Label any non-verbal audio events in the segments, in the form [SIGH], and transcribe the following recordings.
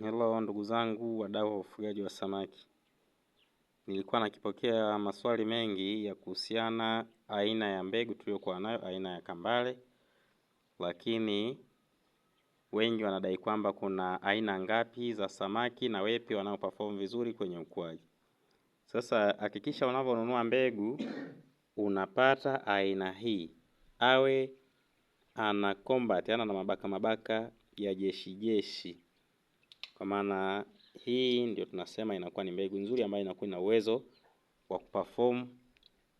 Hello ndugu zangu wadau wa ufugaji wa samaki, nilikuwa nakipokea maswali mengi ya kuhusiana aina ya mbegu tuliyokuwa nayo aina ya Kambale, lakini wengi wanadai kwamba kuna aina ngapi za samaki na wepi wanaoperform vizuri kwenye ukuaji. Sasa hakikisha unavyonunua mbegu unapata aina hii, awe ana combat, yaani ana na mabaka mabaka ya jeshi jeshi kwa maana hii ndio tunasema inakuwa ni mbegu nzuri ambayo inakuwa ina uwezo wa kuperform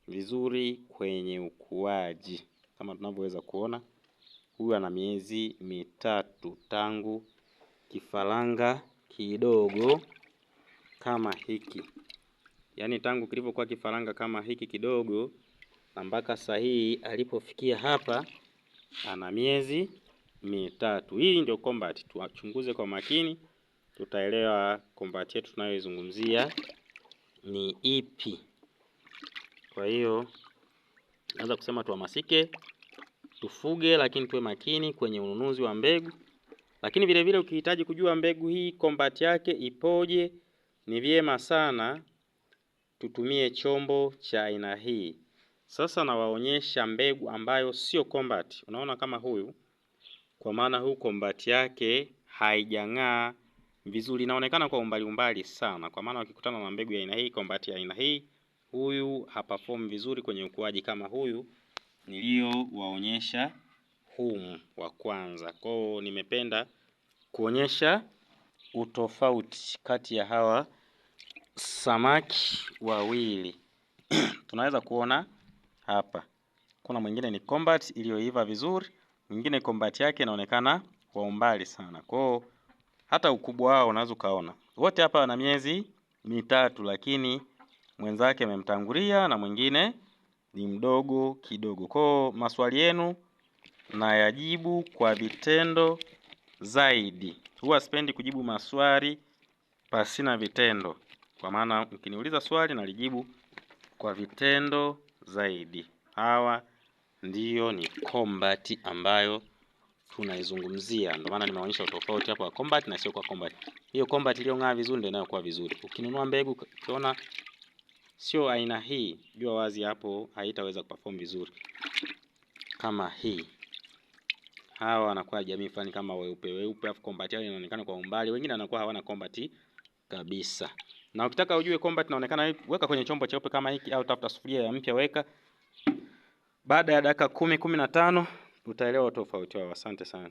vizuri kwenye ukuaji. Kama tunavyoweza kuona, huyu ana miezi mitatu tangu kifaranga kidogo kama hiki, yaani tangu kilivyokuwa kifaranga kama hiki kidogo na mpaka sasa hii alipofikia hapa ana miezi mitatu. Hii ndio combat, tuwachunguze kwa makini tutaelewa kombati yetu tunayoizungumzia ni ipi. E kwa hiyo naweza kusema tuhamasike, tufuge, lakini tuwe makini kwenye ununuzi wa mbegu. Lakini vile vile ukihitaji kujua mbegu hii kombati yake ipoje, ni vyema sana tutumie chombo cha aina hii. Sasa nawaonyesha mbegu ambayo sio kombati. Unaona kama huyu, kwa maana huu kombati yake haijang'aa vizuri, inaonekana kwa umbali umbali sana, kwa maana wakikutana na mbegu ya aina hii, kombati ya aina hii, huyu haperform vizuri kwenye ukuaji kama huyu niliyowaonyesha humu wa kwanza. hiyo nimependa kuonyesha utofauti kati ya hawa samaki wawili [CLEARS THROAT] tunaweza kuona hapa kuna mwingine ni combat iliyoiva vizuri, mwingine combat yake inaonekana kwa umbali sana kwao hata ukubwa wao unaweza ukaona. Wote hapa wana miezi mitatu, lakini mwenzake amemtangulia na mwingine ni mdogo kidogo. Kwa maswali yenu na yajibu kwa vitendo zaidi. Huwa sipendi kujibu maswali pasina vitendo, kwa maana mkiniuliza swali nalijibu kwa vitendo zaidi. Hawa ndiyo ni kombati ambayo tunaizungumzia. Ndio maana nimeonyesha tofauti hapo wa combat na sio kwa combat. Hiyo combat iliyong'aa vizuri ndio inayokuwa vizuri. Ukinunua mbegu ukiona sio aina hii, jua wazi hapo haitaweza kuperform vizuri kama hii. Hawa wanakuwa jamii fulani kama weupe weupe, afu combat yao inaonekana kwa umbali, wengine wanakuwa hawana combat kabisa. Na ukitaka ujue combat inaonekana, weka kwenye chombo cheupe kama hiki, au tafuta sufuria ya mpya weka. Baada ya dakika kumi kumi na tano utaelewa tofauti wao. Asante sana.